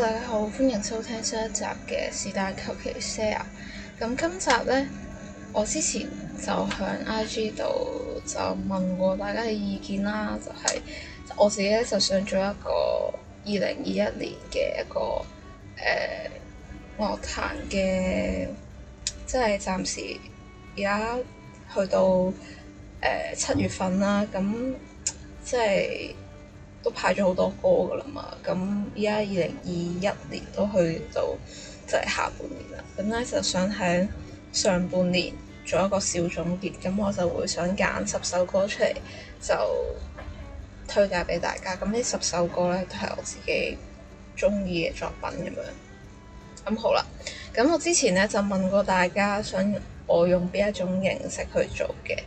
大家好，歡迎收聽新一集嘅是但求其 share。咁今集呢，我之前就響 IG 度就問過大家嘅意見啦，就係、是、我自己咧就想做一個二零二一年嘅一個誒樂壇嘅，即係暫時而家去到七、呃、月份啦，咁即係。都派咗好多歌噶啦嘛，咁而家二零二一年都去到就係下半年啦，咁咧就想喺上半年做一個小總結，咁我就會想揀十首歌出嚟就推介俾大家，咁呢十首歌咧都係我自己中意嘅作品咁樣。咁好啦，咁我之前咧就問過大家想我用邊一種形式去做嘅，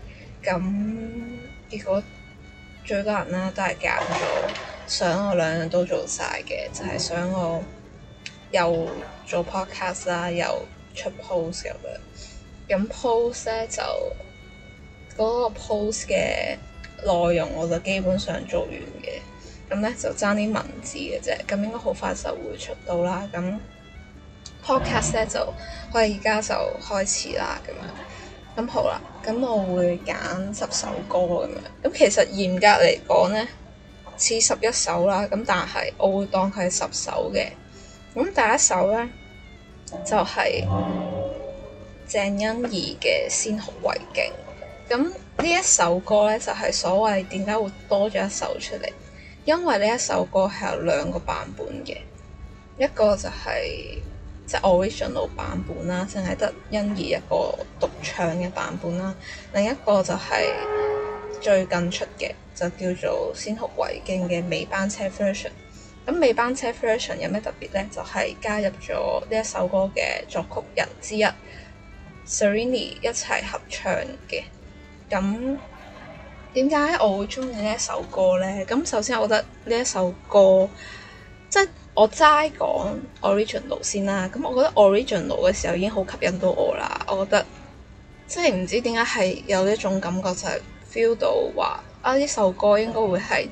咁結果。最多人啦、啊，都係揀咗想我兩樣都做晒嘅，就係、是、想我又做 podcast 啦，又出 post 咁樣。咁 post 咧就嗰、那個 post 嘅內容我就基本上做完嘅，咁咧就爭啲文字嘅啫，咁應該好快就會出到啦。咁 podcast 咧就、嗯、我而家就開始啦，咁樣。咁好啦，咁我會揀十首歌咁樣。咁其實嚴格嚟講呢，似十一首啦。咁但係我會當佢係十首嘅。咁第一首呢，就係鄭欣宜嘅《先哭為敬》。咁呢一首歌呢，就係、是、所謂點解會多咗一首出嚟？因為呢一首歌係有兩個版本嘅，一個就係、是。即 original 版本啦，淨係得欣宜一個獨唱嘅版本啦。另一個就係最近出嘅，就叫做《先哭為敬》嘅尾班車 version。咁尾班車 version 有咩特別呢？就係、是、加入咗呢一首歌嘅作曲人之一 Serrini 一齊合唱嘅。咁點解我會中意呢一首歌呢？咁首先我覺得呢一首歌即。我齋講 original 先啦，咁我覺得 original 嘅時候已經好吸引到我啦。我覺得即係唔知點解係有一種感覺、就係，就係 feel 到話啊呢首歌應該會係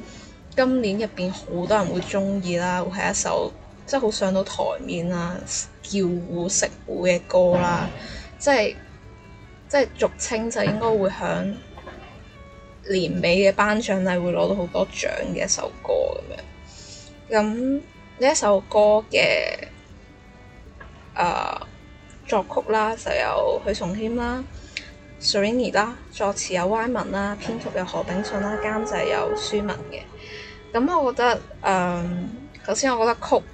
今年入邊好多人會中意啦，會係一首即係好上到台面啊、叫糊食糊嘅歌啦，即係即係俗稱就應該會響年尾嘅頒獎禮會攞到好多獎嘅一首歌咁樣，咁。呢一首歌嘅、呃、作曲啦，就有許崇軒啦、Serrini 啦，作詞有 Wyman 啦，編曲有何秉舜啦，監製有舒文嘅。咁、嗯、我覺得誒，頭、呃、先我覺得曲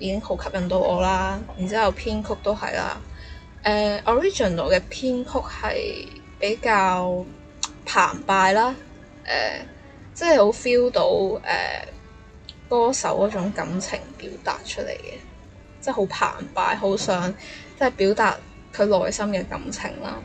已經好吸引到我啦，然之後編曲都係啦。誒、呃、original 嘅編曲係比較澎湃啦，誒、呃，即係好 feel 到誒。呃歌手嗰種感情表達出嚟嘅，即係好澎湃，好想即係表達佢內心嘅感情啦。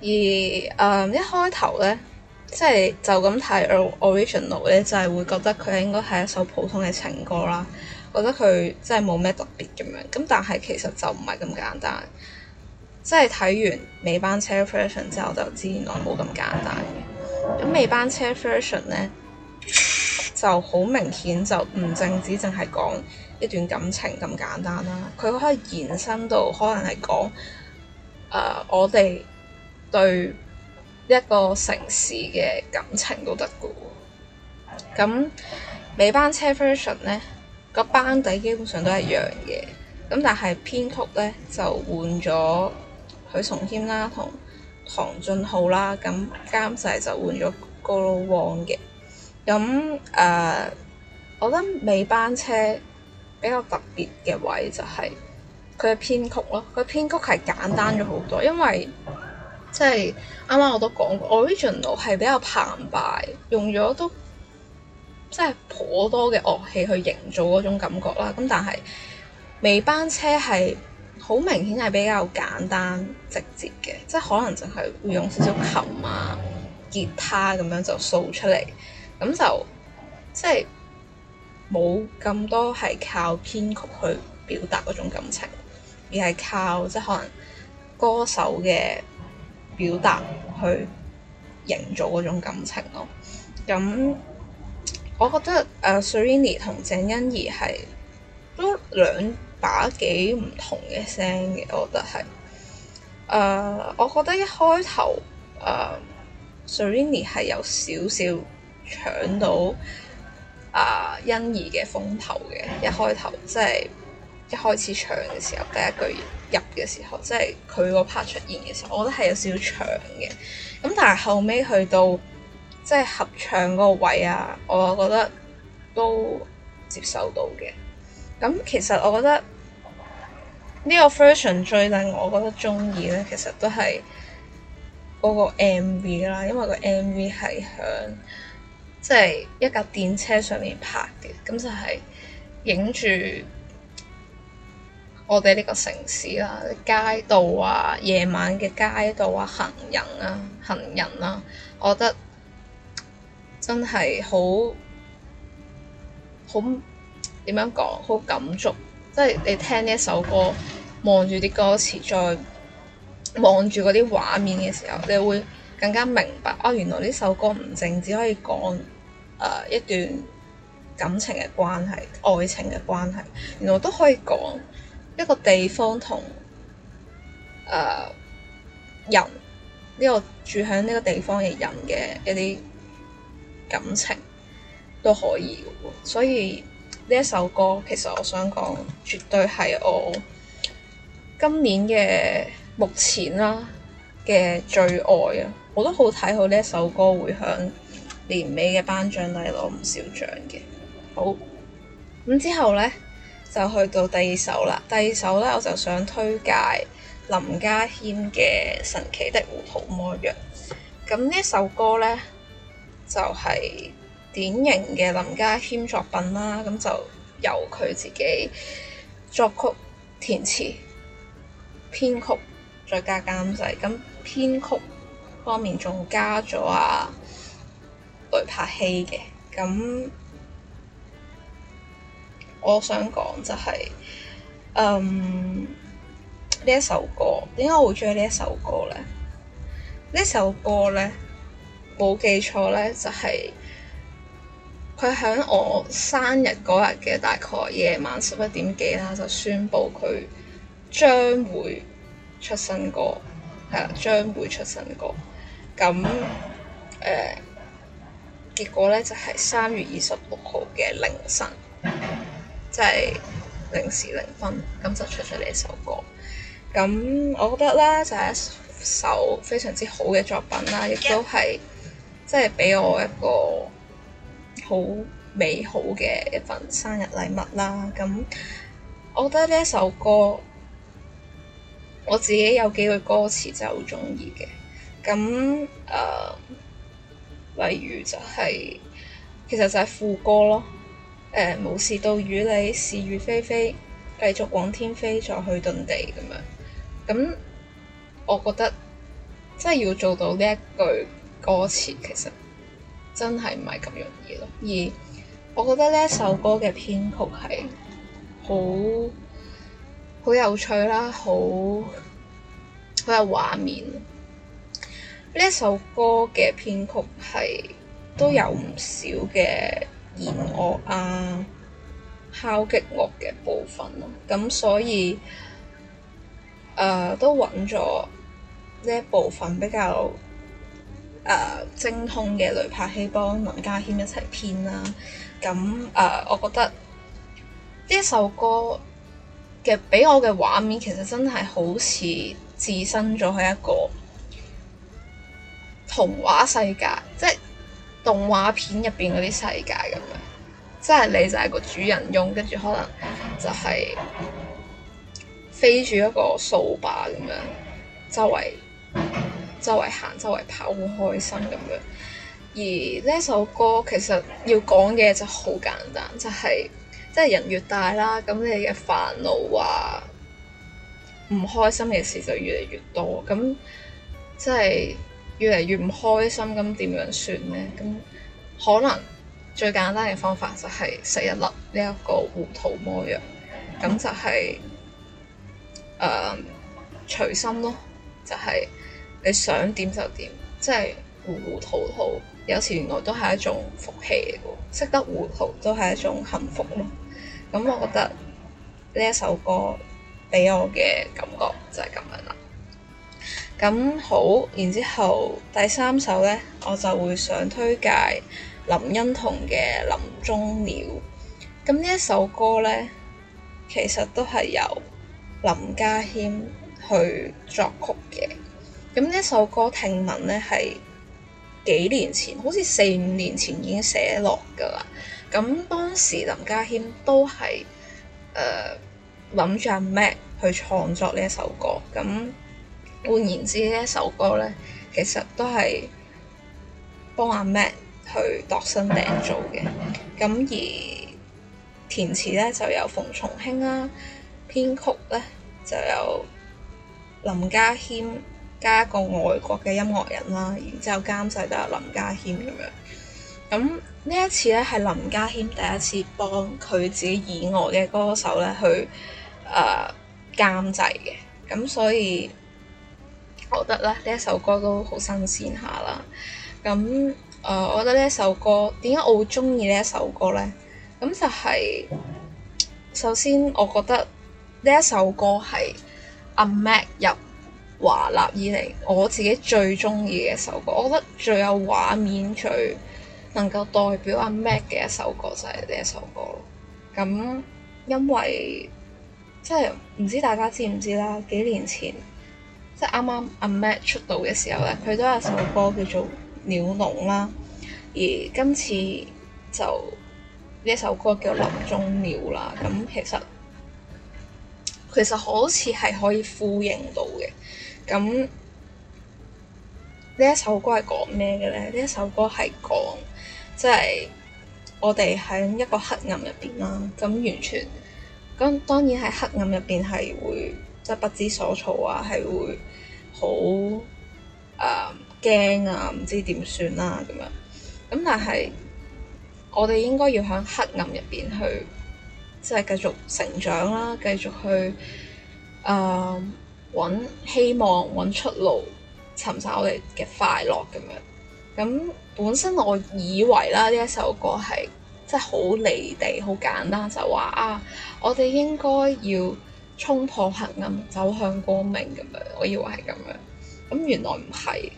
而誒、呃、一開頭呢，即係就咁睇 original 呢，就係、是、會覺得佢應該係一首普通嘅情歌啦。覺得佢即係冇咩特別咁樣。咁但係其實就唔係咁簡單。即係睇完尾班車 version 之後，就知原來冇咁簡單嘅。咁尾班車 version 呢，就好明顯就唔淨止淨係講一段感情咁簡單啦，佢可以延伸到可能係講、呃、我哋對一個城市嘅感情都得㗎喎。咁尾班車 version 呢個班底基本上都一樣嘅，咁但係編曲呢，就換咗許崇謙啦同唐俊浩啦，咁監製就換咗 Gul w 高佬旺嘅。咁誒、嗯呃，我覺得尾班車比較特別嘅位就係佢嘅編曲咯。佢編曲係簡單咗好多，因為即係啱啱我都講過，original 係比較澎湃，用咗都即係頗多嘅樂器去營造嗰種感覺啦。咁但係尾班車係好明顯係比較簡單直接嘅，即係可能淨係會用少少琴啊、吉他咁樣就掃出嚟。咁就即係冇咁多係靠編曲去表達嗰種感情，而係靠即係可能歌手嘅表達去營造嗰種感情咯。咁我覺得誒 Serrini 同鄭欣宜係都兩把幾唔同嘅聲嘅，我覺得係誒。Uh, 我覺 uh, 我覺得一開頭誒 Serrini 係有少少。搶到啊！欣宜嘅風頭嘅一開頭，即係一開始搶嘅時候，第一句入嘅時候，即係佢嗰 part 出現嘅時候，我覺得係有少少搶嘅。咁但係後尾去到即係合唱嗰個位啊，我覺得都接受到嘅。咁其實我覺得呢個 version 最令我覺得中意咧，其實都係嗰個 MV 啦，因為個 MV 係響。即係一架電車上面拍嘅，咁就係影住我哋呢個城市啦、街道啊、夜晚嘅街道啊、行人啊、行人啊。我覺得真係好好點樣講，好感觸。即係你聽呢一首歌，望住啲歌詞，再望住嗰啲畫面嘅時候，你會更加明白哦，原來呢首歌唔淨只可以講。Uh, 一段感情嘅關係，愛情嘅關係，原來都可以講一個地方同誒、uh, 人呢、這個住喺呢個地方嘅人嘅一啲感情都可以。所以呢一首歌其實我想講，絕對係我今年嘅目前啦嘅最愛啊！我都好睇好呢一首歌會響。年尾嘅頒獎禮攞唔少獎嘅，好，咁之後呢，就去到第二首啦。第二首呢，我就想推介林家謙嘅《神奇的胡桃魔藥》。咁呢首歌呢，就係典型嘅林家謙作品啦。咁就由佢自己作曲、填詞、編曲，再加監製。咁編曲方面仲加咗啊～嚟拍戲嘅咁，我想講就係、是、嗯呢一首歌，點解我會中意呢一首歌咧？呢首歌咧，冇記錯咧，就係佢響我生日嗰日嘅大概夜晚十一點幾啦，就宣布佢將會出新歌，係啦，將會出新歌咁誒。結果咧就係三月二十六號嘅凌晨，即係零時零分，咁就出咗呢一首歌。咁我覺得咧就係一首非常之好嘅作品啦，亦都係即係俾我一個好美好嘅一份生日禮物啦。咁我覺得呢一首歌我自己有幾句歌詞真係好中意嘅。咁誒。呃例如就係、是，其實就係副歌咯。誒、呃，冇事到與你是與非非，繼續往天飛再去遁地咁樣。咁我覺得真係要做到呢一句歌詞，其實真係唔係咁容易咯。而我覺得呢一首歌嘅編曲係好好有趣啦，好好有畫面。呢首歌嘅編曲係都有唔少嘅弦樂啊、敲擊樂嘅部分咯，咁所以誒、呃、都揾咗呢一部分比較誒、呃、精通嘅雷柏熹幫林家謙一齊編啦，咁誒、呃、我覺得呢首歌嘅畀我嘅畫面其實真係好似置身咗喺一個童話世界，即係動畫片入邊嗰啲世界咁樣，即係你就係個主人翁，跟住可能就係飛住一個掃把咁樣，周圍周圍行，周圍跑，好開心咁樣。而呢首歌其實要講嘅就好簡單，就係，即係人越大啦，咁你嘅煩惱啊，唔開心嘅事就越嚟越多，咁即係。越嚟越唔開心，咁點樣算呢？咁可能最簡單嘅方法就係食一粒呢一個糊塗魔藥，咁就係、是、誒、呃、隨心咯，就係、是、你想點就點，即係糊糊塗塗，有時原來都係一種福氣嘅喎，識得糊塗都係一種幸福咯。咁我覺得呢一首歌俾我嘅感覺就係咁樣啦。咁好，然之後第三首呢，我就會想推介林欣彤嘅《林中鳥》。咁呢一首歌呢，其實都係由林家謙去作曲嘅。咁呢首歌聽聞呢，係幾年前，好似四五年前已經寫落噶啦。咁當時林家謙都係誒諗著 Mac 去創作呢一首歌。咁換言之呢，呢首歌呢，其實都係幫阿 Mac 去度身訂做嘅。咁、嗯嗯、而填詞呢，就有馮松興啦，編曲呢，就有林家謙加一個外國嘅音樂人啦。然之後監製都係林家謙咁樣。咁呢一次呢，係林家謙第一次幫佢自己以外嘅歌手呢，去誒、呃、監製嘅。咁所以。我覺得咧呢一首歌都好新鮮下啦，咁、嗯、誒、呃，我覺得呢一首歌點解我會中意呢一首歌呢？咁就係、是、首先，我覺得呢一首歌係阿 Mac 入華納以嚟，我自己最中意嘅一首歌，我覺得最有畫面、最能夠代表阿 Mac 嘅一首歌就係呢一首歌咯。咁、嗯、因為即係唔知大家知唔知啦，幾年前。即係啱啱阿 Matt 出道嘅時候咧，佢都有首歌叫做《鳥籠》啦，而今次就呢一首歌叫《林中鳥》啦，咁其實其實好似係可以呼應到嘅，咁呢一首歌係講咩嘅咧？呢一首歌係講即係我哋喺一個黑暗入邊啦，咁完全咁當然喺黑暗入邊係會。即係不知所措啊，係會好誒驚啊，唔、呃、知點算啦咁樣。咁但係我哋應該要喺黑暗入邊去，即係繼續成長啦，繼續去誒揾、呃、希望、揾出路、尋找我哋嘅快樂咁樣。咁、嗯、本身我以為啦，呢一首歌係即係好離地、好簡單，就話、是、啊，我哋應該要。衝破黑暗，走向光明咁樣，我以為係咁樣，咁原來唔係，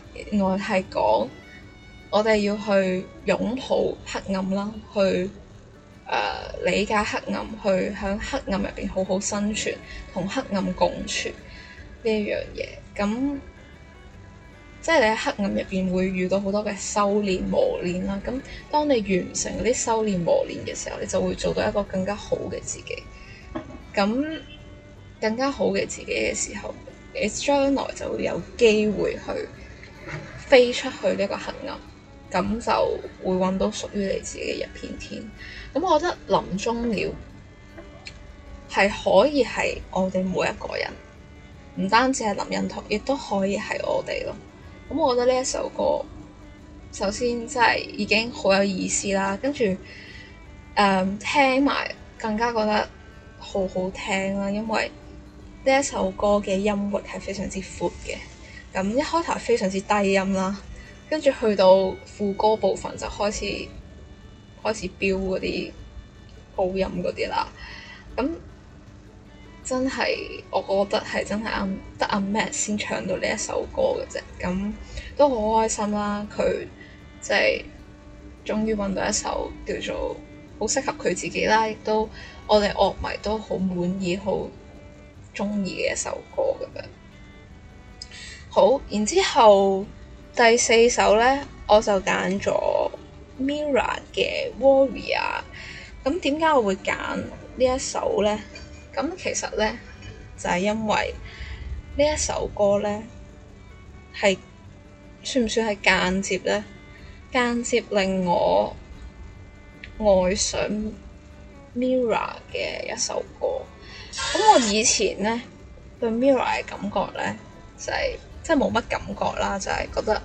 我係講我哋要去擁抱黑暗啦，去誒、呃、理解黑暗，去向黑暗入邊好好生存，同黑暗共存呢一樣嘢。咁即係你喺黑暗入邊會遇到好多嘅修煉磨煉啦。咁當你完成啲修煉磨煉嘅時候，你就會做到一個更加好嘅自己。咁更加好嘅自己嘅時候，你將來就會有機會去飛出去呢一個黑暗，咁就會揾到屬於你自己嘅一片天。咁、嗯、我覺得林了《林中鳥》係可以係我哋每一個人，唔單止係林欣彤，亦都可以係我哋咯。咁、嗯、我覺得呢一首歌，首先真係已經好有意思啦，跟住誒聽埋更加覺得好好聽啦，因為，呢一首歌嘅音域係非常之闊嘅，咁一開頭非常之低音啦，跟住去到副歌部分就開始開始飆嗰啲高音嗰啲啦，咁真係我覺得係真係得阿 Matt 先唱到呢一首歌嘅啫，咁都好開心啦，佢即係終於揾到一首叫做好適合佢自己啦，亦都我哋樂迷都好滿意好中意嘅一首歌咁樣，好，然之後第四首咧，我就揀咗 MIRROR 嘅 Warrior。咁點解我會揀呢一首咧？咁其實咧就係、是、因為呢一首歌咧係算唔算係間接咧？間接令我愛上 MIRROR 嘅一首歌。咁我以前呢對 Mirror 嘅感覺呢，就係即係冇乜感覺啦，就係、是、覺得誒、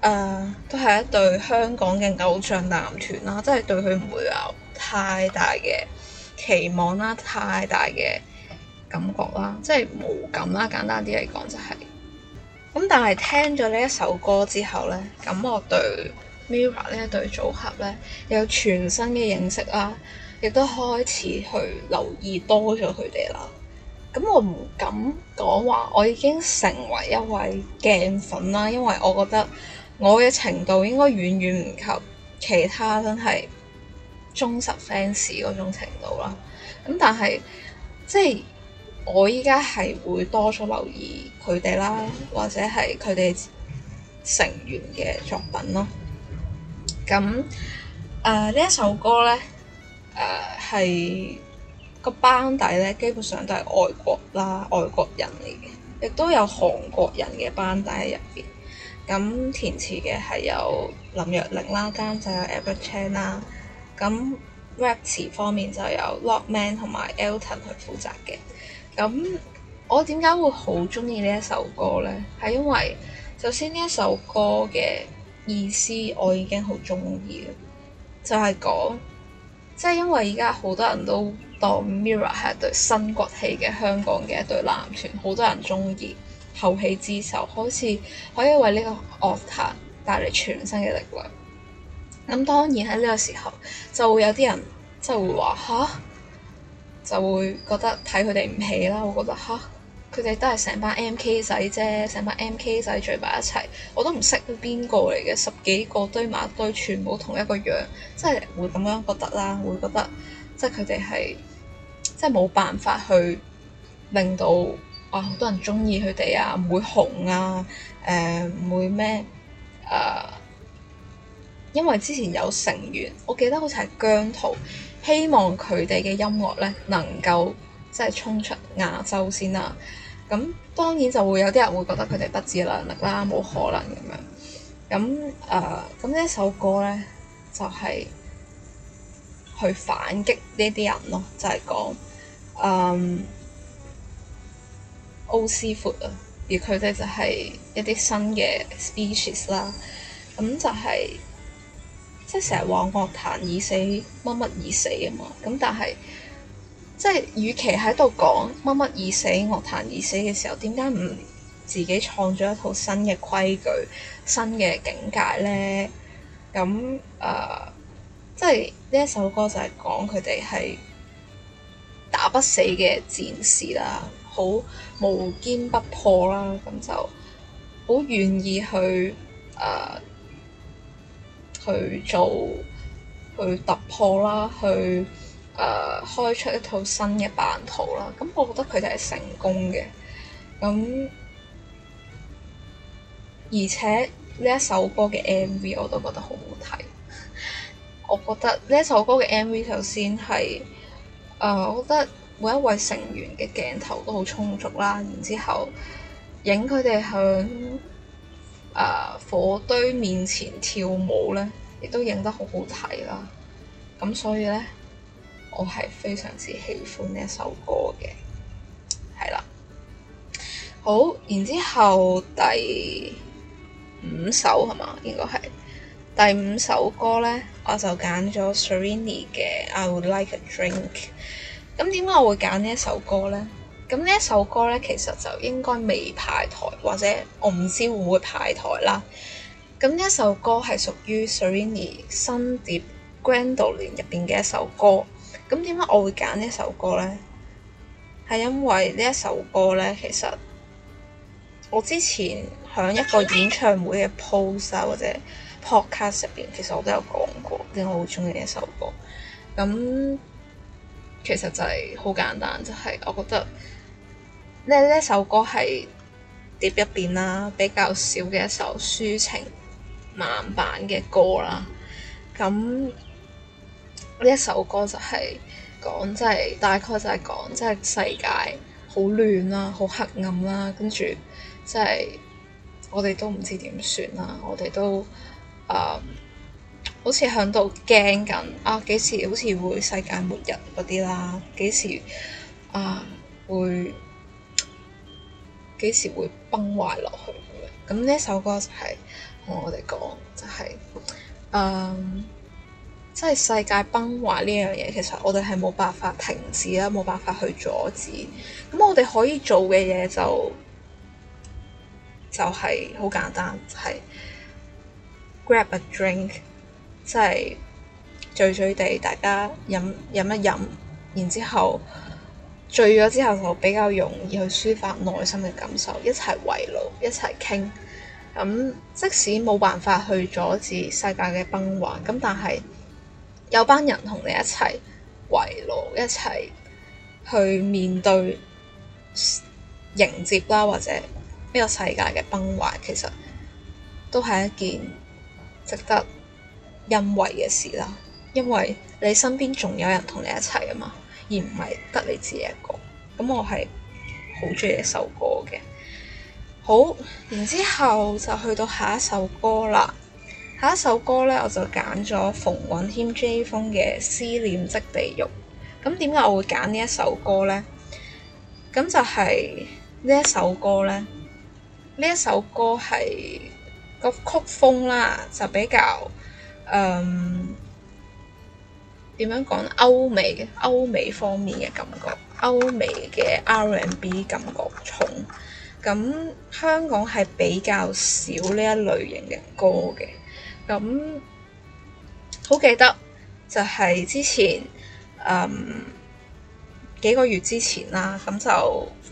呃、都係一對香港嘅偶像男團啦，即係對佢唔會有太大嘅期望啦，太大嘅感覺啦，即係無感啦。簡單啲嚟講就係、是、咁，但係聽咗呢一首歌之後呢，咁我對 Mirror 呢一對組合呢有全新嘅認識啦。亦都開始去留意多咗佢哋啦。咁我唔敢講話，我已經成為一位鏡粉啦。因為我覺得我嘅程度應該遠遠唔及其他真係忠實 fans 嗰種程度啦。咁但係即係我依家係會多咗留意佢哋啦，或者係佢哋成員嘅作品咯。咁誒呢一首歌呢。誒係、uh，個班底咧，基本上都係外國啦，外國人嚟嘅，亦都有韓國人嘅班底喺入邊。咁填詞嘅係有林若寧啦，監製 有 Edward Chan 啦。咁 rap 詞方面就有 Lockman、ok、同埋 Elton 去負責嘅。咁我點解會好中意呢一首歌呢？係因為首先呢一首歌嘅意思我已經好中意就係、是、講、那個。即係因為而家好多人都當 Mirror 係一隊新崛起嘅香港嘅一隊男團，好多人鍾意後起之秀，好似可以為呢個樂壇帶嚟全新嘅力量。咁當然喺呢個時候就會有啲人即係會話嚇，就會覺得睇佢哋唔起啦，我覺得嚇。佢哋都係成班 M.K. 仔啫，成班 M.K. 仔聚埋一齊，我都唔識邊個嚟嘅，十幾個堆埋一堆，全部同一個樣，即係會咁樣覺得啦，會覺得即係佢哋係即係冇辦法去令到啊好多人中意佢哋啊，唔會紅啊，誒、呃、唔會咩誒、呃？因為之前有成員，我記得好似係姜濤，希望佢哋嘅音樂咧能夠。即係衝出亞洲先啦，咁當然就會有啲人會覺得佢哋不自量力啦，冇可能咁樣。咁誒，咁呢一首歌咧，就係、是、去反擊呢啲人咯，就係講嗯歐斯闊啊，而佢哋就係一啲新嘅 species 啦。咁就係即係成日話樂壇已死，乜乜已死啊嘛，咁但係。即係，與其喺度講乜乜已死，樂壇已死嘅時候，點解唔自己創咗一套新嘅規矩、新嘅境界咧？咁誒、呃，即係呢一首歌就係講佢哋係打不死嘅戰士啦，好無堅不破啦，咁就好願意去誒、呃、去做去突破啦，去。誒開出一套新嘅版圖啦，咁我覺得佢哋係成功嘅。咁而且呢一首歌嘅 MV 我都覺得好好睇。 我覺得呢一首歌嘅 MV 首先係誒、呃，我覺得每一位成員嘅鏡頭都好充足啦。然之後影佢哋響誒火堆面前跳舞咧，亦都影得好好睇啦。咁所以咧。我係非常之喜歡呢首歌嘅，係啦。好，然之後第五首係咪？應該係第五首歌呢，我就揀咗 Serrini 嘅《I Would Like a Drink》。咁點解我會揀呢一首歌呢？咁呢一首歌呢，其實就應該未排台，或者我唔知會唔會排台啦。咁呢一首歌係屬於 Serrini 新碟《Gwendolyn》入邊嘅一首歌。咁點解我會揀呢首歌呢？係因為呢一首歌呢，其實我之前喺一個演唱會嘅 post 啊，或者 podcast 入邊，其實我都有講過，點解我好中意呢一首歌。咁其實就係好簡單，就係、是、我覺得咧呢一首歌係碟入邊啦，比較少嘅一首抒情慢板嘅歌啦。咁呢一首歌就係講，即係大概就係講，即係世界好亂啦，好黑暗啦，跟住即係我哋都唔知點算啦，我哋都呃好似喺度驚緊啊，幾時好似會世界末日嗰啲啦，幾時啊、呃、會幾時會崩壞落去咁？咁呢一首歌就係同我哋講，就係呃即係世界崩壞呢樣嘢，其實我哋係冇辦法停止啦，冇辦法去阻止。咁我哋可以做嘅嘢就就係好簡單，就係 grab a drink，即係醉醉地大家飲飲一飲，然之後醉咗之後就比較容易去抒發內心嘅感受，一齊圍爐，一齊傾。咁即使冇辦法去阻止世界嘅崩壞，咁但係，有班人同你一齊圍爐，一齊去面對、迎接啦，或者呢個世界嘅崩壞，其實都係一件值得欣慰嘅事啦。因為你身邊仲有人同你一齊啊嘛，而唔係得你自己一個。咁我係好中意呢首歌嘅。好，然之後就去到下一首歌啦。下一首歌呢，我就揀咗馮允謙 J 風嘅《思念即地獄》，咁點解我會揀呢一首歌呢？咁就係呢一首歌呢，呢一首歌係個曲風啦，就比較嗯，點樣講歐美、歐美方面嘅感覺，歐美嘅 R&B 感覺重。咁香港係比較少呢一類型嘅歌嘅。咁好記得就係、是、之前誒、嗯、幾個月之前啦，咁就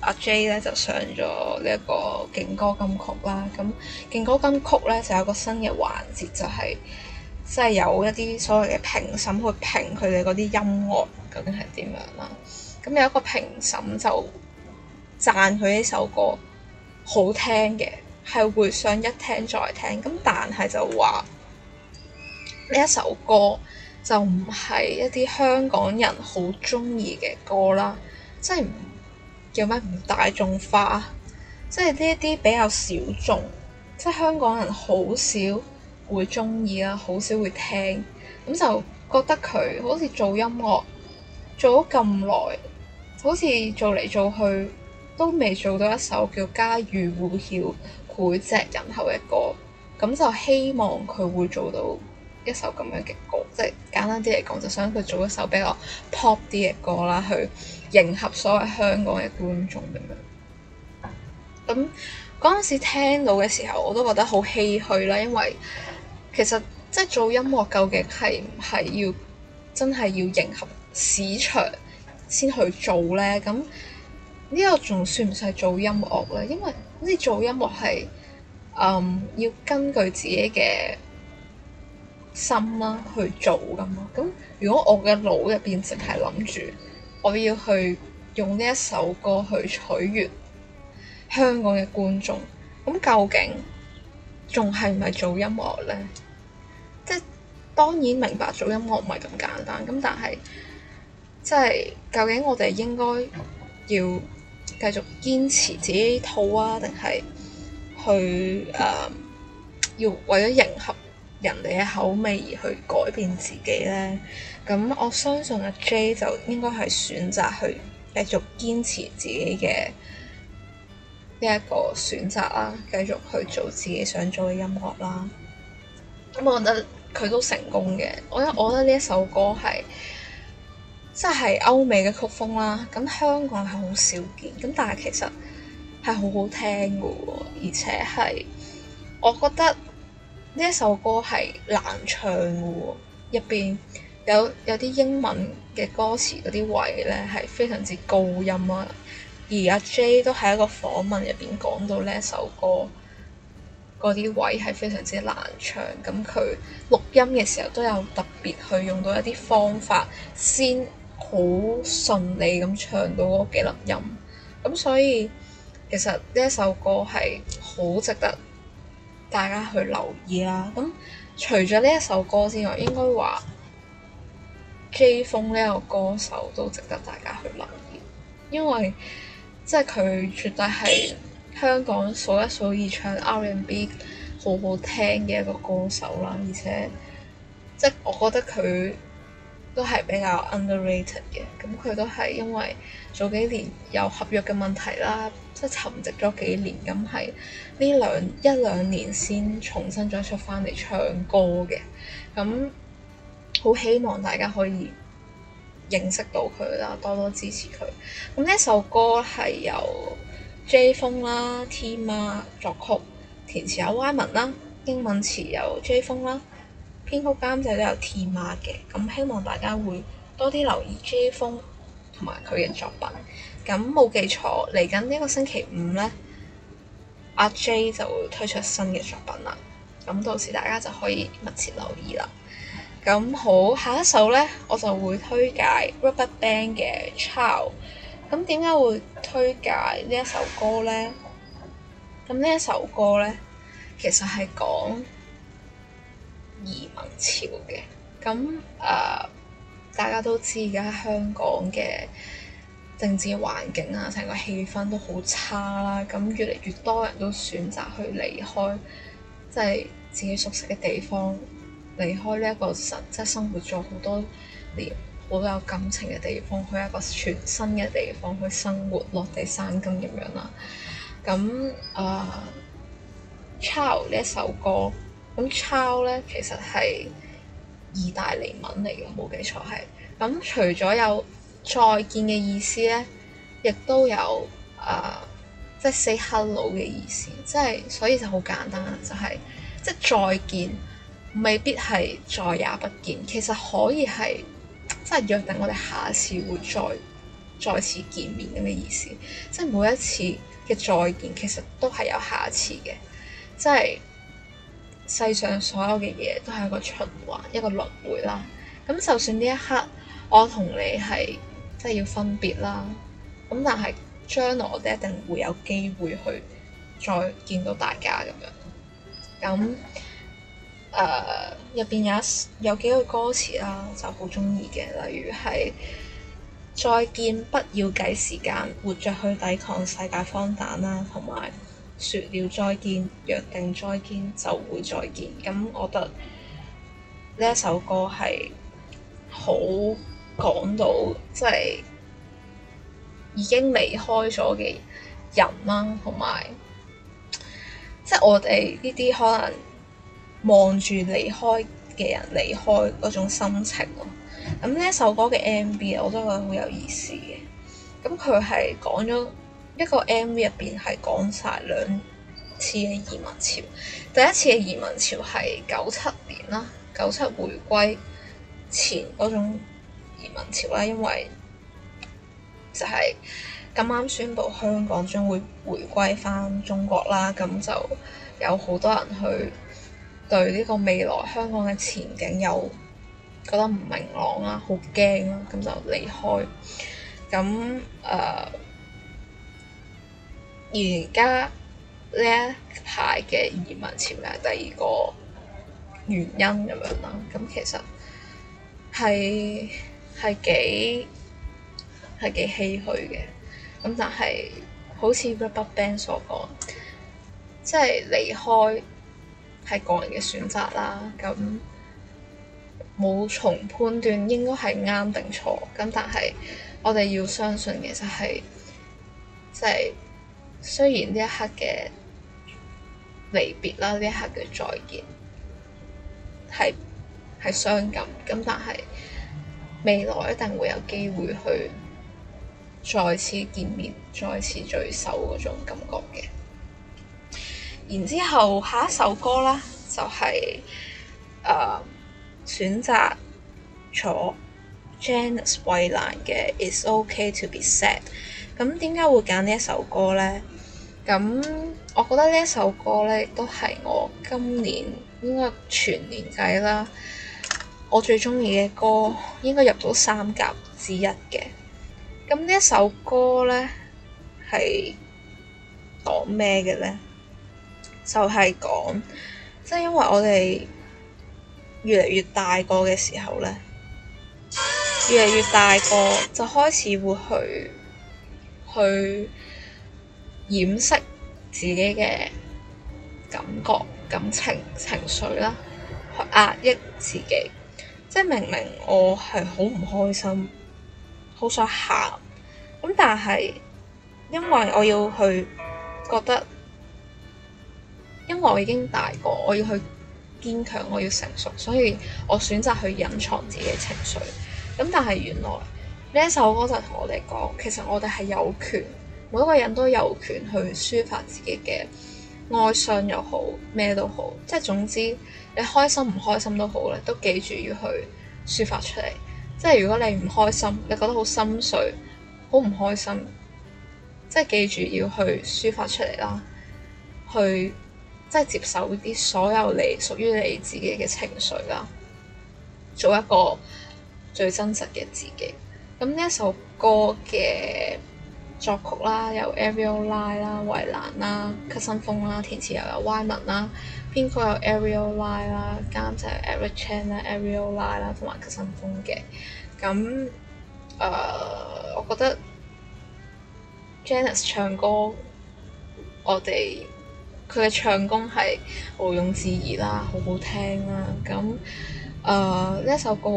阿、啊、Jay 咧就上咗呢一個勁歌金曲啦。咁勁歌金曲呢，就有個新嘅環節，就係即係有一啲所謂嘅評審去評佢哋嗰啲音樂究竟係點樣啦。咁有一個評審就讚佢呢首歌好聽嘅，係會想一聽再聽。咁但係就話。呢一首歌就唔係一啲香港人好中意嘅歌啦，即係叫咩唔大眾化，即係呢一啲比較小眾，即係香港人好少會中意啦，好少會聽，咁就覺得佢好似做音樂做咗咁耐，好似做嚟做去都未做到一首叫家喻戶曉、膾炙人口嘅歌，咁就希望佢會做到。一首咁樣嘅歌，即係簡單啲嚟講，就想佢做一首比較 pop 啲嘅歌啦，去迎合所謂香港嘅觀眾，明唔明？咁嗰陣時聽到嘅時候，我都覺得好唏噓啦，因為其實即係、就是、做音樂究竟係唔係要真係要迎合市場先去做呢？咁呢、這個仲算唔算係做音樂呢？因為好似做音樂係、嗯，要根據自己嘅。心啦去做嘅嘛，咁如果我嘅腦入邊淨係諗住我要去用呢一首歌去取悦香港嘅觀眾，咁究竟仲係唔係做音樂咧？即係當然明白做音樂唔係咁簡單，咁但係即係究竟我哋應該要繼續堅持自己呢套啊，定係去誒、呃、要為咗迎合？人哋嘅口味而去改變自己咧，咁我相信阿 J 就應該係選擇去繼續堅持自己嘅呢一個選擇啦，繼續去做自己想做嘅音樂啦。咁我覺得佢都成功嘅，我覺得呢一首歌係即係歐美嘅曲風啦，咁香港係好少見，咁但係其實係好好聽嘅喎，而且係我覺得。呢一首歌係難唱嘅喎，入邊有有啲英文嘅歌詞嗰啲位呢係非常之高音啊。而阿 J 都喺一個訪問入邊講到呢一首歌嗰啲位係非常之難唱，咁佢錄音嘅時候都有特別去用到一啲方法，先好順利咁唱到嗰幾粒音。咁所以其實呢一首歌係好值得。大家去留意啦。咁除咗呢一首歌之外，應該話 J 風呢個歌手都值得大家去留意，因為即係佢絕對係香港數一數二唱 R&B 好好聽嘅一個歌手啦。而且即係、就是、我覺得佢都係比較 underrated 嘅。咁佢都係因為早幾年有合約嘅問題啦。即係沉寂咗幾年，咁係呢兩一兩年先重新再出翻嚟唱歌嘅，咁好希望大家可以認識到佢啦，多多支持佢。咁呢首歌係由 J. 風啦、T. 媽作曲、填詞有 Wyman 啦，英文詞有 J. 風啦，編曲監製都有 T. 媽嘅。咁希望大家會多啲留意 J. 風同埋佢嘅作品。咁冇記錯，嚟緊呢個星期五呢，阿、啊、J 就會推出新嘅作品啦。咁到時大家就可以密切留意啦。咁好，下一首呢，我就會推介 RubberBand 嘅《Ciao》。咁點解會推介呢一首歌呢？咁呢一首歌呢，其實係講移民潮嘅。咁誒、呃，大家都知而家香港嘅，政治嘅環境啊，成個氣氛都好差啦，咁越嚟越多人都選擇去離開，即係自己熟悉嘅地方，離開呢、這、一個實即係生活咗好多年、好有感情嘅地方，去一個全新嘅地方去生活、落地生根咁樣啦。咁啊，呃《Chao》呢一首歌，咁《Chao》咧其實係義大利文嚟嘅，冇記錯係。咁除咗有再見嘅意思呢，亦都有誒、呃，即係 say hello 嘅意思，即係所以就好簡單啦，就係、係、即係再見未必係再也不見，其實可以係即係約定我哋下一次會再再次見面咁嘅意思，即係每一次嘅再見其實都係有下一次嘅，即係世上所有嘅嘢都係一個循環，一個輪迴啦。咁就算呢一刻我同你係，即係要分別啦，咁但係將來我哋一定會有機會去再見到大家咁樣。咁誒入邊有有幾個歌詞啦、啊，就好鍾意嘅，例如係再見不要計時間，活着去抵抗世界荒誕啦，同埋説了再見，約定再見就會再見。咁、嗯、我覺得呢一首歌係好。講到即係已經離開咗嘅人啦，同埋即係我哋呢啲可能望住離開嘅人離開嗰種心情咯。咁呢一首歌嘅 MV 我都覺得好有意思嘅。咁佢係講咗一個 MV 入邊係講晒兩次嘅移民潮。第一次嘅移民潮係九七年啦，九七回歸前嗰種。移民潮啦，因為就係咁啱宣布香港將會回歸翻中國啦，咁就有好多人去對呢個未來香港嘅前景有覺得唔明朗啊，好驚啊。咁就離開。咁誒，而家呢一排嘅移民潮係第二個原因咁樣啦，咁其實係。係幾係幾唏噓嘅，咁但係好似 Rubberband 所講，即係離開係個人嘅選擇啦，咁冇從判斷應該係啱定錯，咁但係我哋要相信嘅就係，即係，雖然呢一刻嘅離別啦，呢一刻嘅再見係係傷感，咁但係。未來一定會有機會去再次見面、再次聚首嗰種感覺嘅。然之後下一首歌啦，就係、是、誒、uh，選擇咗 Janice 衛蘭嘅《It's OK to Be Sad》。咁點解會揀呢一首歌呢？咁我覺得呢一首歌咧，都係我今年應該全年計啦。我最鍾意嘅歌應該入到三甲之一嘅。咁呢一首歌呢，係講咩嘅呢？就係講即係因為我哋越嚟越大個嘅時候呢，越嚟越大個就開始會去去掩飾自己嘅感覺、感情、情緒啦，去壓抑自己。即明明我係好唔開心，好想喊，咁但係，因為我要去覺得，因為我已經大個，我要去堅強，我要成熟，所以我選擇去隱藏自己嘅情緒，咁但係原來呢一首歌就同我哋講，其實我哋係有權，每一個人都有權去抒發自己嘅哀傷又好，咩都好，即係總之。你開心唔開心都好咧，都記住要去抒發出嚟。即係如果你唔開心，你覺得好心碎、好唔開心，即係記住要去抒發出嚟啦，去即係接受啲所有你屬於你自己嘅情緒啦，做一個最真實嘅自己。咁呢一首歌嘅作曲啦，有 Avril Lavigne 啦、衞蘭啦、Cousin Fung 啦，填詞又有 Wyman 啦。邊個有 Arial Line 啦，監製係 Eric Chan 啦 Arial Line 啦，同埋 Cousin Fung 嘅。咁、呃、誒，我覺得 Janice 唱歌，我哋佢嘅唱功係毋庸置疑啦，好好聽啦。咁誒呢一首歌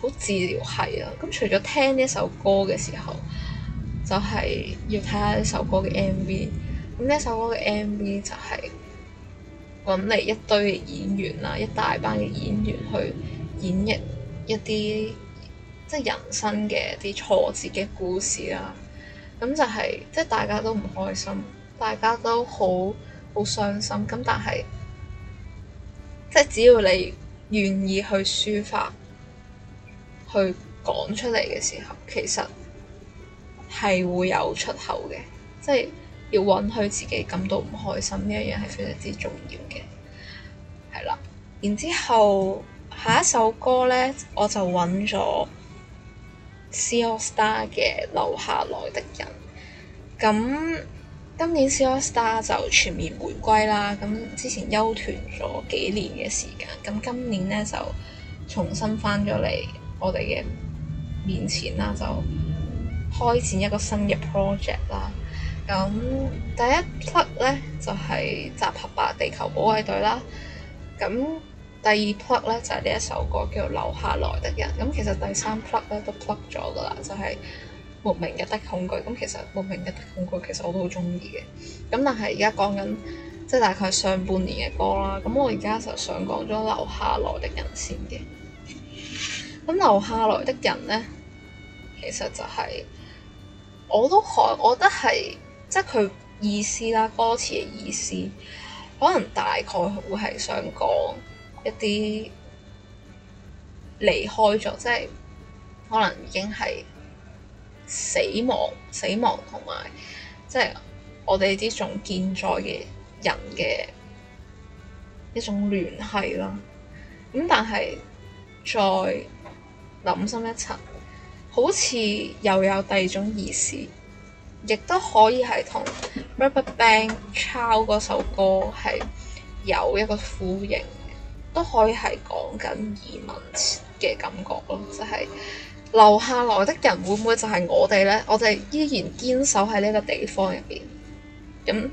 好治療係啊。咁、嗯、除咗聽呢一首歌嘅時候，就係、是、要睇下呢首歌嘅 M V、嗯。咁呢一首歌嘅 M V 就係、是。揾嚟一堆嘅演員啦，一大班嘅演員去演繹一一啲即係人生嘅啲挫折嘅故事啦。咁就係即係大家都唔開心，大家都好好傷心。咁但係即係只要你願意去抒發，去講出嚟嘅時候，其實係會有出口嘅，即係。要允許自己感到唔開心，呢一樣係非常之重要嘅，係啦。然之後下一首歌呢，我就揾咗 C All Star 嘅《留下來的人》。咁今年 C All Star 就全面回歸啦。咁之前休團咗幾年嘅時間，咁今年呢，就重新返咗嚟我哋嘅面前啦，就開展一個新嘅 project 啦。咁第一 plug 咧就係、是《集合吧地球保衛隊》啦，咁第二 plug 咧就係、是、呢一首歌叫《留下來的人》。咁其實第三 plug 咧都 plug 咗噶啦，就係《莫名日的，的恐懼》。咁其實《莫名日的，的恐懼》其實我都好中意嘅。咁但係而家講緊即係大概上半年嘅歌啦。咁我而家就想講咗《留下來的人》先嘅。咁《留下來的人》咧，其實就係我都可，我都係。即係佢意思啦，歌詞嘅意思，可能大概會係想講一啲離開咗，即係可能已經係死亡，死亡同埋即係我哋呢種健在嘅人嘅一種聯繫啦。咁但係再諗深一層，好似又有第二種意思。亦都可以係同 Rubberband 抄嗰首歌係有一個呼應，都可以係講緊移民嘅感覺咯，就係、是、留下來的人會唔會就係我哋呢？我哋依然堅守喺呢個地方入邊，咁、嗯、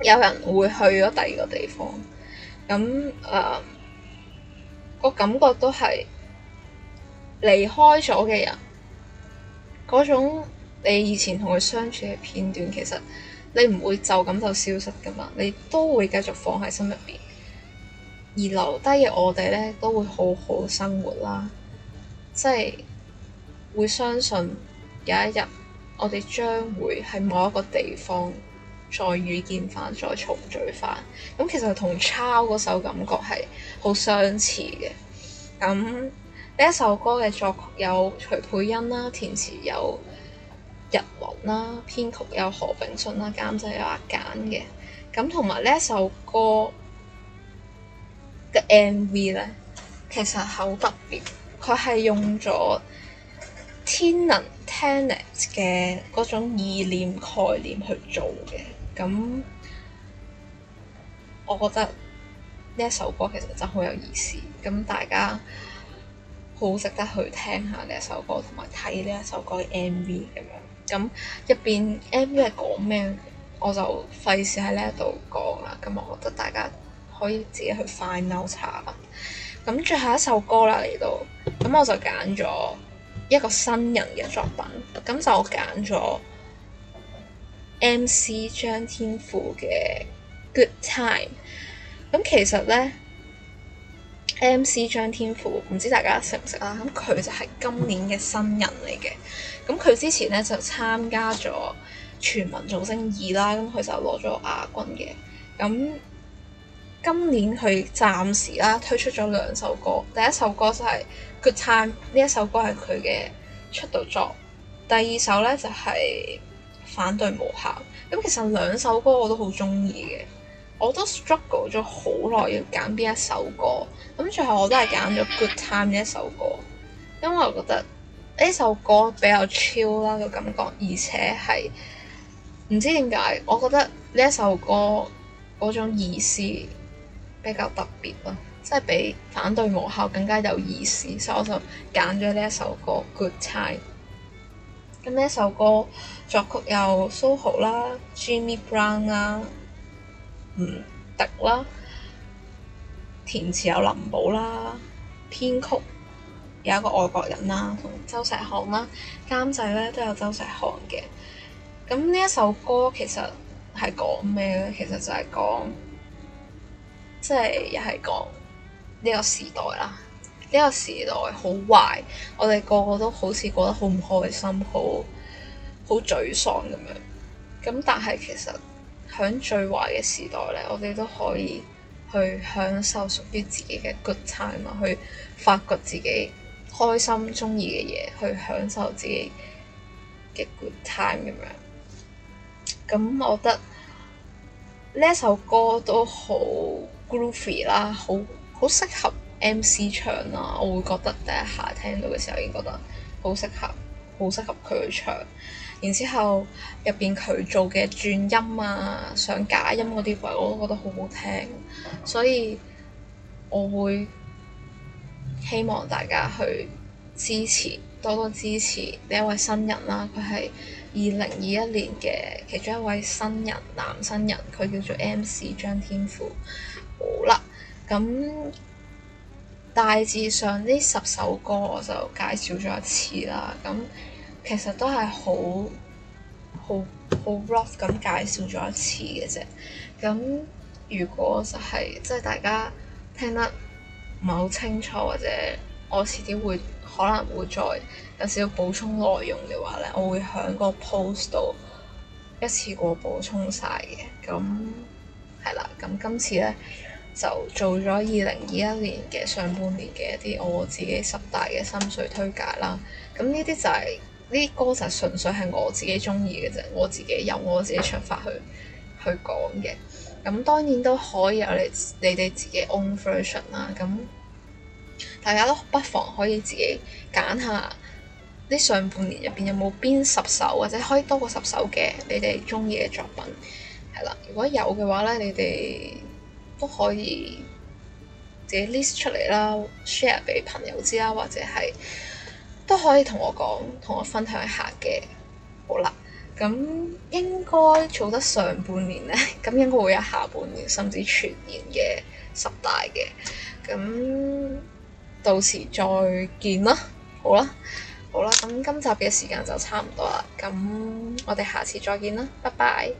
有人會去咗第二個地方，咁、嗯、誒、呃、那個感覺都係離開咗嘅人嗰種。你以前同佢相處嘅片段，其實你唔會就咁就消失噶嘛，你都會繼續放喺心入邊。而留低嘅我哋咧，都會好好生活啦。即係會相信有一日，我哋將會喺某一個地方再遇見翻，再重聚翻。咁、嗯、其實同抄嗰首感覺係好相似嘅。咁呢一首歌嘅作曲有徐佩欣啦，填詞有。日文啦，編曲有何秉舜啦，監製有阿簡嘅，咁同埋呢一首歌嘅 MV 咧，其實好特別，佢係用咗天能 Tenet 嘅嗰種意念概念去做嘅，咁我覺得呢一首歌其實真係好有意思，咁大家好值得去聽下呢一首歌，同埋睇呢一首歌嘅 MV 咁樣。咁入邊 MV 係講咩？我就費事喺呢度講啦。咁我覺得大家可以自己去 find out 啦。咁最後一首歌啦嚟到，咁我就揀咗一個新人嘅作品。咁就揀咗 MC 張天賦嘅《Good Time》。咁其實呢 MC 張天賦唔知大家識唔識啦。咁佢就係今年嘅新人嚟嘅。咁佢之前咧就參加咗全民造星二啦，咁佢就攞咗亞軍嘅。咁今年佢暫時啦推出咗兩首歌，第一首歌就係《Good Time》，呢一首歌係佢嘅出道作。第二首呢，就係《反對無效》。咁其實兩首歌我都好鍾意嘅，我都 struggle 咗好耐要揀邊一首歌。咁最後我都係揀咗《Good Time》呢一首歌，因為我覺得，呢首歌比較 chill 啦個感覺，而且係唔知點解，我覺得呢首歌嗰種意思比較特別咯，即係比《反對無效》更加有意思，所以我就揀咗呢首歌《Good Time》。咁呢首歌作曲有蘇浩啦、Jimmy Brown 啦、吳迪啦，填詞有林寶啦，編曲，有一個外國人啦、啊，同周石航啦、啊，監製咧都有周石航嘅。咁呢一首歌其實係講咩咧？其實就係講，即係又係講呢個時代啦。呢、這個時代好壞，我哋個個都好似過得好唔開心，好好沮喪咁樣。咁但係其實喺最壞嘅時代咧，我哋都可以去享受屬於自己嘅 good time 啊，去發掘自己，開心中意嘅嘢，去享受自己嘅 good time 咁樣。咁我覺得呢首歌都好 groovy 啦，好好適合 MC 唱啦。我會覺得第一下聽到嘅時候已經覺得好適合，好適合佢去唱。然之後入邊佢做嘅轉音啊、上假音嗰啲位，我都覺得好好聽。所以，我會。希望大家去支持，多多支持呢一位新人啦。佢係二零二一年嘅其中一位新人，男新人，佢叫做 MC 張天賦。好啦，咁大致上呢十首歌我就介紹咗一次啦。咁其實都係好好好 rough 咁介紹咗一次嘅啫。咁如果就係、是、即係大家聽得。唔係好清楚，或者我遲啲會可能會再有少少補充內容嘅話呢，我會喺個 post 度一次過補充晒嘅。咁係啦，咁今次呢就做咗二零二一年嘅上半年嘅一啲我自己十大嘅心水推介啦。咁呢啲就係呢啲歌就純粹係我自己中意嘅啫，我自己由我自己出發去去講嘅。咁當然都可以有你你哋自己 own version 啦，咁大家都不妨可以自己揀下呢，上半年入邊有冇邊十首或者可以多過十首嘅你哋中意嘅作品，係啦，如果有嘅話咧，你哋都可以自己 list 出嚟啦，share 俾朋友知啦，或者係都可以同我講，同我分享一下嘅，好啦。咁應該儲得上半年呢，咁應該會有下半年甚至全年嘅十大嘅，咁到時再見啦，好啦，好啦，咁今集嘅時間就差唔多啦，咁我哋下次再見啦，拜拜。